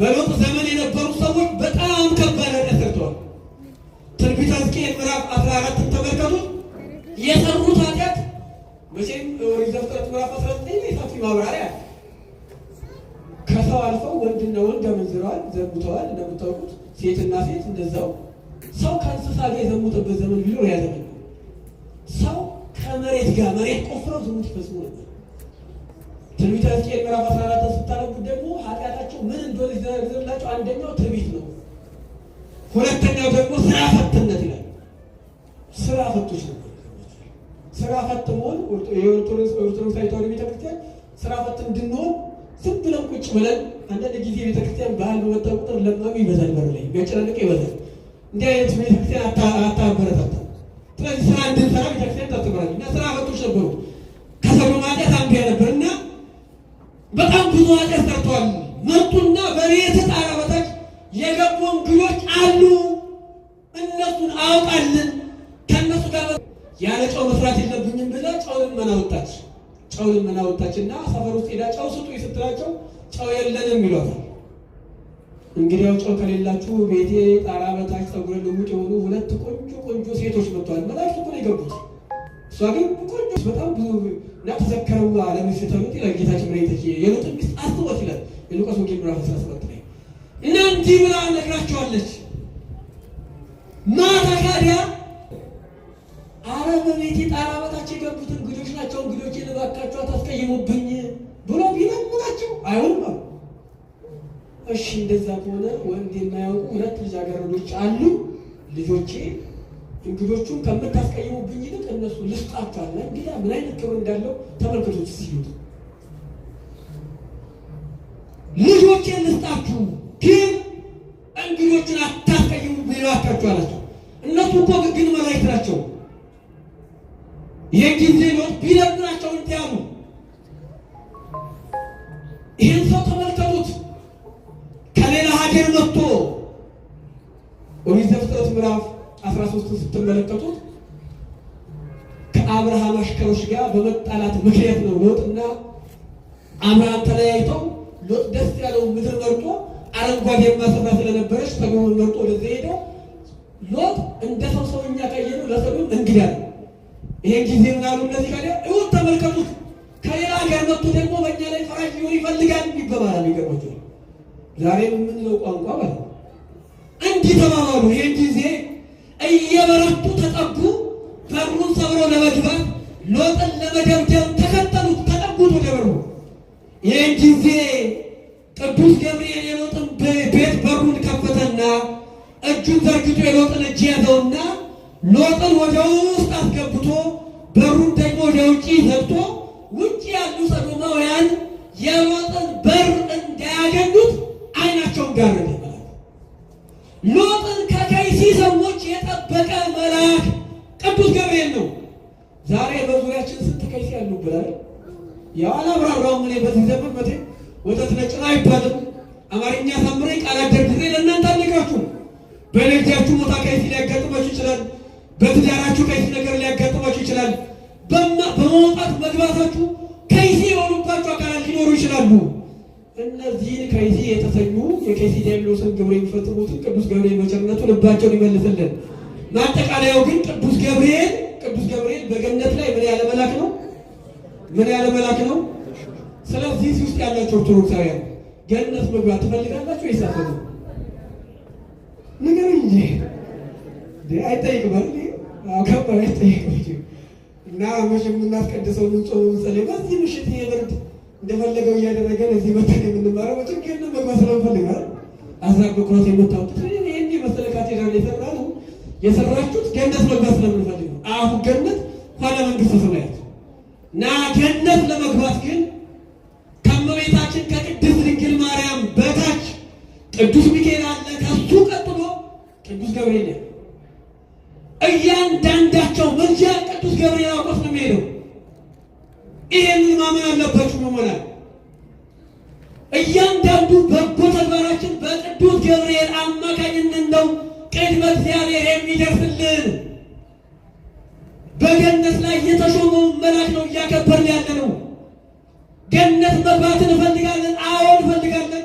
በሎጥ ዘመን የነበሩ ሰዎች በጣም ከባድ ኃጢአት ሰርተዋል። ትንቢተ ሕዝቅኤል ምዕራፍ አስራ 14 ተመልከቱ። የሰሩት ኃጢአት መቼም ኦሪት ዘፍጥረት ምዕራፍ 19 ላይ ሰፊ ማብራሪያ አለ። ከሰው አልፈው ወንድና ወንድ አመንዝረዋል፣ ዘሙተዋል። እንደምታውቁት ሴትና ሴት እንደዛው። ሰው ከእንስሳ ጋር የዘሙተበት ዘመን ቢኖር ያ ዘመን ሰው ከመሬት ጋር መሬት ቆፍረው ዝሙት ይፈጽሙ ነበር። ትንቢተ ሕዝቅኤል ምዕራፍ አስራ ያዘላቸው አንደኛው ትዕቢት ነው። ሁለተኛው ደግሞ ስራ ፈትነት ይላል። ስራ ፈቶች ነው። ስራ ፈት መሆን የኦርቶዶክስ ተዋሕዶ ቤተክርስቲያን ስራ ፈት እንድንሆን ዝም ብለን ቁጭ ብለን አንዳንድ ጊዜ ቤተክርስቲያን ባህል በመጣ ቁጥር ለማሚ ይበዛል፣ በር ላይ የሚያጨናንቅ ይበዛል። እንዲህ አይነት ቤተክርስቲያን አታበረታታ። ስለዚህ ስራ እንድንሰራ ቤተክርስቲያን ታስተምራለች። እና ስራ ፈቶች ነበሩ። ከሰሩ ማዲያት አንዱ ነበር እና በጣም ብዙ ኃጢአት ሰርተዋል። መጡና በሬት ጣራ በታች የገቡ እንግዶች አሉ። እነሱን አውጣልን ከእነሱ ጋር ያለ ጨው መስራት የለብኝም ብላ ጨው ልመና ወጣች። ጨው ልመና ወጣች እና ሰፈር ውስጥ ሄዳ ጨው ስጡኝ ስትላቸው ጨው የለንም ይሏታል። እንግዲያው ጨው ከሌላችሁ ቤቴ ጣራ በታች ፀጉረ ልውጥ የሆኑ ሁለት ቆንጆ ቆንጆ ሴቶች መጥተዋል። መላእክት ነው የገቡት። እሷ ግን ቆንጆ በጣም ናትዘከረዋ ለሚስተሉት ይላል ጌታችን መድኃኒታችን የሉጥ ሚስት አስቦት ይላል የሉቃስ ወንጌል ምዕራፍ 17 ላይ እና እንዲህ ብላ ነግራቸዋለች። ማታ ካዲያ አረብ አረመኔት ጣራ በታች የገቡትን ግዶች ናቸው ግዶች ልባካቸው አታስቀይሙብኝ ብሎ ቢለምናቸው አይሆንም እሺ እንደዛ ከሆነ ወንድ የማያውቁ ሁለት ልጃገረዶች አሉ ልጆቼ እንግዶቹን ከምታስቀይሙብኝ ይልቅ ልስጣቻለ እንግዲህ ምን አይነት ክብር እንዳለው ተመልከቶች ሲሉት ልጆቼን ልስጣችሁ ግን እንግዶችን አታስቀይሙ ይሏታችሁ አላቸው። እነሱ እኮ ግን መላእክት ናቸው። ይህ የጊዜ ሎት ቢለምናቸው እንዲያሉ ይህን ሰው ተመልከቱት። ከሌላ ሀገር መጥቶ ኦሪት ዘፍጥረት ምዕራፍ አስራ ሶስት ስትመለከቱት ከአብርሃም አሽከሮች ጋር በመጣላት ምክንያት ነው ሎጥና አብርሃም ተለያይተው ሎጥ ደስ ያለው ምድር መርጦ አረንጓዴማ ስፍራ ስለነበረች ተግባውን መርጦ ወደዚያ ሄደው ሎጥ እንደ ሰው ሰውኛ ቀየሩ፣ ለሰውም እንግዳ ነው። ይሄን ጊዜ ምናሉ እነዚህ ካዲያ እሁን ተመልከቱት፣ ከሌላ ሀገር መጥቶ ደግሞ በእኛ ላይ ፈራሽ ሊሆን ይፈልጋል ይበባላል። ይገባቸው ዛሬ የምንለው ቋንቋ ማለት እንዲህ ተባባሉ። ይሄን ጊዜ እየበረቱ ተጠጉ ሎጥን ለመደብደብ ተከተሉት፣ ተጠጉት ወደ ይህን ጊዜ ቅዱስ ገብርኤል የሎጥን ቤት በሩን ከፈተና እጁን ዘርግቶ የሎጥን እጅ ያዘውና ሎጥን ወደ ውስጥ አስገብቶ በሩን ደግሞ ወደ ውጪ ዘግቶ ውጭ ያሉ ሰዶማውያን የሎጥን በር እንዳያገኙት ዓይናቸውን ጋረደ። ሎጥን ከከይሲ ሰዎች የጠበቀ መልአክ ቅዱስ ገብርኤል ነው። ዛሬ በዙሪያችን ስንት ከይስ ያሉ ብላል ያዋላ ብራራው ምን በዚህ ዘመን መቼ ወተት ነጭ አይባልም። አማርኛ ሳምረ ቃላት ደግሬ ለእናንተ አልነግራችሁም። በንግዳችሁ ሞታ ከይስ ሊያጋጥማችሁ ይችላል። በትዳራችሁ ከይስ ነገር ሊያጋጥማችሁ ይችላል። በመውጣት መግባታችሁ ከይሲ የሆኑባችሁ አካላት ሊኖሩ ይችላሉ። እነዚህን ከይሲ የተሰኙ የከይሲ ዲያብሎስን ግብር የሚፈጽሙትን ቅዱስ ገብርኤል በቸርነቱ ልባቸውን ይመልስልን። ማጠቃለያው ግን ቅዱስ ገብርኤል ቅዱስ ገብርኤል በገነት ላይ ምን ያለ መላክ ነው? ምን ያለ መላክ ነው? ስለዚህ እዚህ ውስጥ ያላቸው ኦርቶዶክሳውያን ገነት መግባት ትፈልጋላችሁ? ይሳፈሩ ነገር እንጂ አይጠይቅም አይደል? አከባ አይጠይቅም እና መቼም የምናስቀድሰው ንጹህ ምሳሌ በዚህ ምሽት የብርድ እንደፈለገው እያደረገን እዚህ መተን የምንማረው መቼም ገነት መግባት ስለምፈልጋል አዛብ በኩራት የምታወጡት ይህን የመሰለ ካቴድራል የሰራ ነው የሰራችሁት ገነት መግባት ስለምን አፉ ገነት ኋላ መንግስተ ሰማያት ና ገነት ለመግባት ግን ከመቤታችን ከቅድስት ድንግል ማርያም በታች ቅዱስ ሚካኤል አለ። ከሱ ቀጥሎ ቅዱስ ገብርኤል እያንዳንዳቸው መልጃ ቅዱስ ገብርኤል አውቆት ነው የሚሄደው። ይህንን ማመን አለባችሁ መሆናል። እያንዳንዱ በጎ ተግባራችን በቅዱስ ገብርኤል አማካኝነት ነው ቅድመ እግዚአብሔር የሚደርስልን። በገነት ላይ የተሾመውን መልአክ ነው እያከበርን ያለ ነው። ገነት መግባትን እንፈልጋለን። አዎ እንፈልጋለን።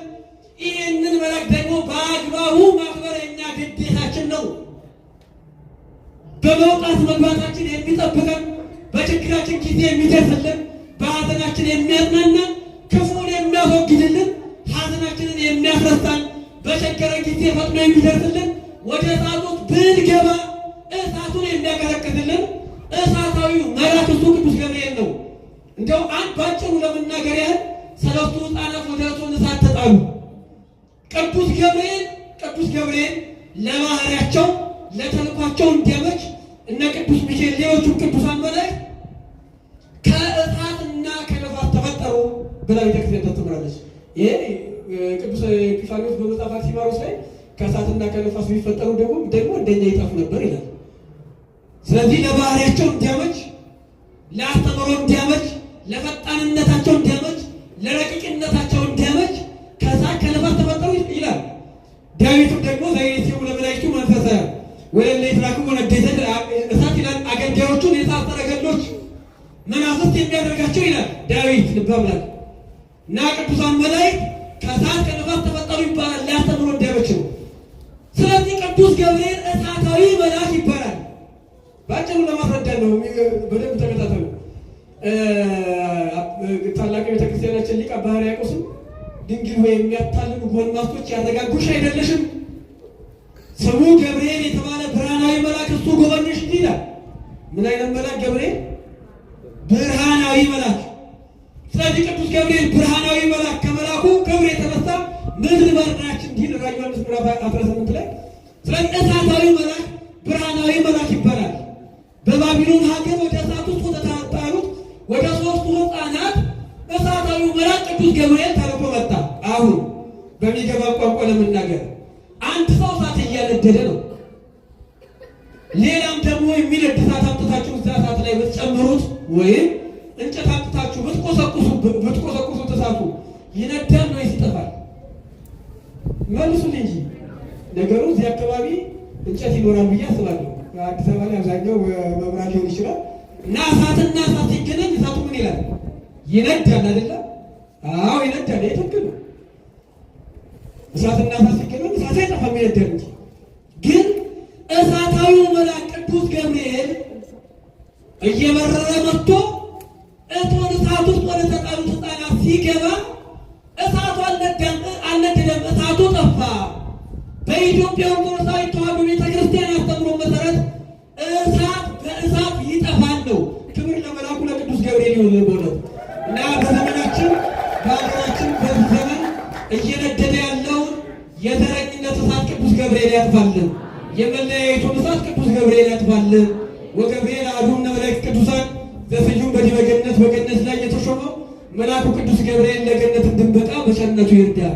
ይህንን መልአክ ደግሞ በአግባቡ ማክበር የኛ ግዴታችን ነው። በመውጣት መግባታችን የሚጠብቀን፣ በችግራችን ጊዜ የሚደርስልን፣ በሀዘናችን የሚያጽናናን፣ ክፉን የሚያስወግድልን፣ ሀዘናችንን የሚያስረሳን፣ በቸገረ ጊዜ ፈጥኖ የሚደርስልን ወደ ጣጡት ብንገባ እንደው አንድ ባጭሩ ለመናገር ያህል ሰለስቱ ሕፃናት ወደ እሳት ተጣሉ። ቅዱስ ገብርኤል ቅዱስ ገብርኤል ለባህሪያቸው ለተልኳቸው እንዲያመች እነ ቅዱስ ሚካኤል ሌሎቹም ቅዱሳን መላእክት ከእሳትና ከነፋስ ተፈጠሩ ብላ ቤተክርስቲያን ታስተምራለች። ይሄ ቅዱስ ኤጲፋንዮስ በመጽሐፈ አክሲማሮስ ላይ ከእሳትና ከነፋስ ቢፈጠሩ ደግሞ ደግሞ እንደኛ ይጠፉ ነበር ይላል። ስለዚህ ለባህሪያቸው እንዲያመች ለአስተምሮ እንዲያመች ለፈጣንነታቸው ደመጅ ለረቂቅነታቸው ደመጅ ከዛ ከነፋስ ተፈጠሩ ይላል ዳዊት ደግሞ ዘይሬሲው ለመላእክቱ መንፈሰ ወይም ለይትራኩ ወነደተ እሳት ይላል አገልጋዮቹን የእሳት መናፍስት የሚያደርጋቸው ይላል ዳዊት ልባምላክ እና ቅዱሳን መላእክት ከእሳት ከነፋስ ተፈጠሩ ይባላል። ሊያስተምሮ ደመች ነው። ስለዚህ ቅዱስ ገብርኤል እሳታዊ መልአክ ይባላል። ባጭሩ ለማስረዳት ነው። በደንብ ተከታተሉ። ታላቅ ቤተክርስቲያናችን ሊቀ ያቆስም ድንግል ወይ የሚያታልሉ ጎልማሶች ያረጋጉሽ አይደለሽም? ስሙ ገብርኤል የተባለ ብርሃናዊ መልአክ እሱ ጎበኘሽ እንዲህ ይላል። ምን አይነት መልአክ ገብርኤል? ብርሃናዊ መልአክ። ስለዚህ ቅዱስ ገብርኤል ብርሃናዊ መልአክ ከመልአኩ ክብር የተነሳ ምድር በርናች እንዲህ ራ ዮሐንስ ምዕራፍ 18 ላይ ስለዚህ እሳታዊ መልአክ ብርሃናዊ መልአክ ይባላል። በባቢሎን ሀገር ወደ እሳት ውስጥ ወደ ታጣሉ ወደ ሶስቱ ህፃናት እሳታዊ መልአክ ቅዱስ ገብርኤል ተልኮ መጣ። አሁን በሚገባ ቋንቋ ለመናገር አንድ ሰው እሳት እያነደደ ነው። ሌላም ደግሞ የሚነድ እሳት አምጥታችሁ እዛ እሳት ላይ ብትጨምሩት ወይም እንጨት አምጥታችሁ ብትቆሰቁሱ እሳቱ ይነዳል ነው ይጠፋል? መልሱን እንጂ ነገሩ እዚህ አካባቢ እንጨት ይኖራል ብዬ አስባለሁ። አዲስ አበባ ላይ አብዛኛው መብራት ሊሆን ይችላል እና እሳትና እሳት ሲገናኝ እሳቱ ምን ይላል? ይነዳል አዎ ይነዳል። እሳትና እሳት ሲገናኝ እሳት አይጠፋም፣ ይነዳል እንጂ። ግን እሳታዊው መልአክ ቅዱስ ገብርኤል እየበረረ መጥቶ የተረኝነቱ እሳት ቅዱስ ገብርኤል ያጥፋልን። የመለያየቱ እሳት ቅዱስ ገብርኤል ያጥፋልን። ወገብርኤል አዱም ነመላእክት ቅዱሳን ዘስዩም በዲበ ገነት በገነት ላይ የተሾመው መልአኩ ቅዱስ ገብርኤል ለገነት እንድንበቃ በቸርነቱ ይርዳል።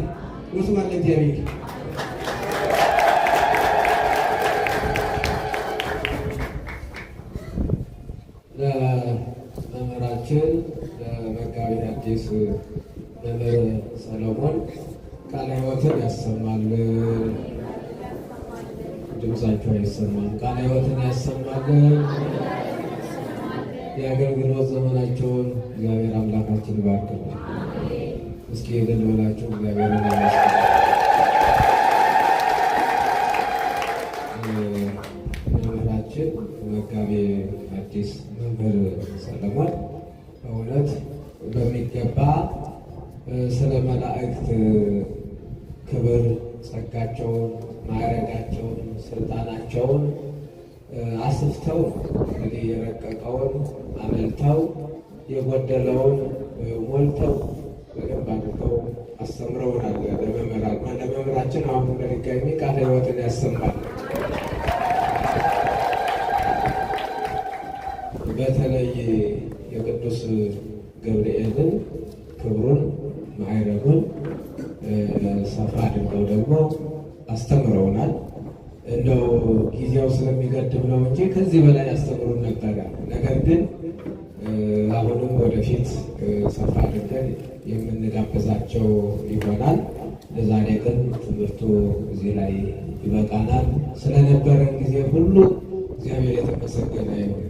ወስብሐት ለእግዚአብሔር። ለመምህራችን ለመጋቤ ሐዲስ መምህር ሰለሞን ቃለ ሕይወትን ያሰማልን። ድምጻቸው አይሰማም። ቃለ ሕይወትን ያሰማልን። የአገልግሎት ዘመናቸውን እግዚአብሔር አምላካችን ይባርክልን። እስኪ ሄደን ብላችሁ እግዚአብሔርን ያመስ መምህራችን መጋቤ አዲስ መምህር ሰለሞን በእውነት በሚገባ ስለ መላእክት ክብር ጸጋቸውን፣ ማዕረጋቸውን፣ ስልጣናቸውን አስፍተው እንግዲህ የረቀቀውን አመልተው የጎደለውን ሞልተው በደንብ አድርገው አስተምረውናል። ለመምህራን ለመምህራችን አሁን በድጋሚ ቃለ ሕይወትን ያሰማል። በተለይ የቅዱስ ገብርኤልን ክብሩን ማዕረጉን ሰፋ አድርገው ደግሞ አስተምረውናል። እንደው ጊዜው ስለሚገድም ነው እንጂ ከዚህ በላይ አስተምሩን ነበረ። ነገር ግን አሁንም ወደፊት ሰፋ አድርገን የምንጋብዛቸው ይሆናል። ለዛሬ ግን ትምህርቱ እዚህ ላይ ይበቃናል። ስለነበረን ጊዜ ሁሉ እግዚአብሔር የተመሰገነ ይሁን።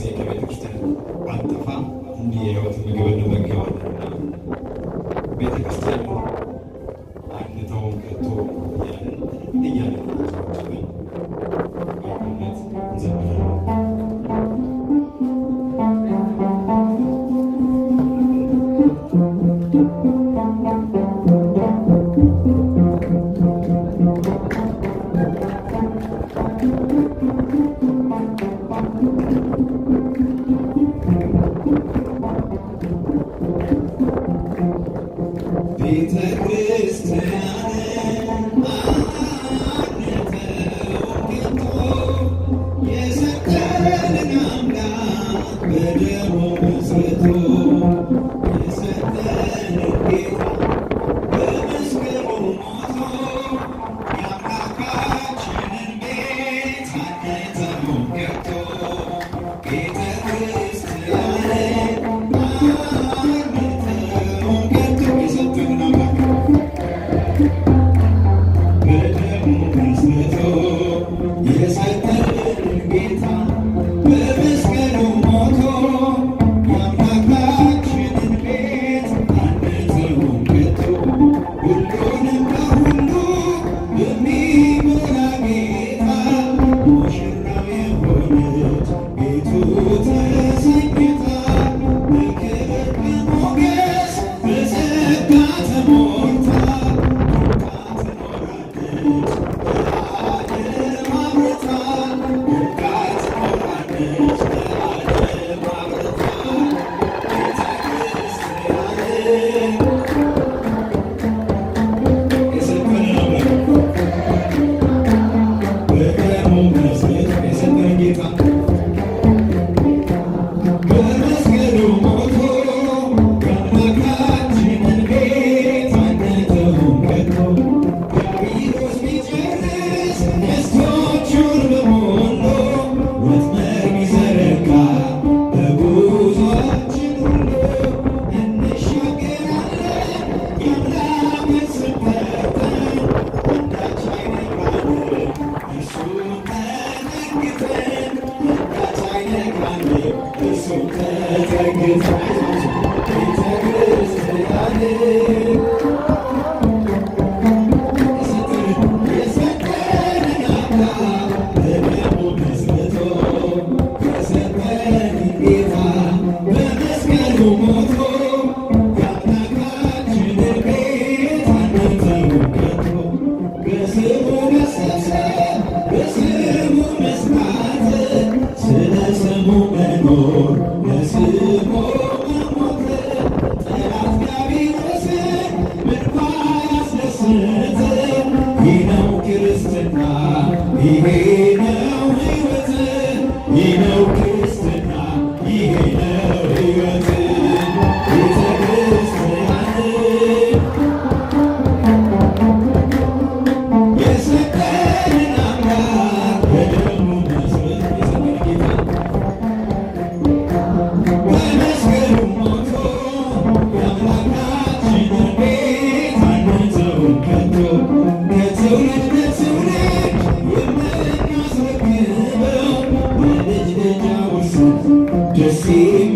ጊዜ ከቤተክርስቲያን ባንጠፋ እንዲህ የህይወት ምግብ Let's do it. see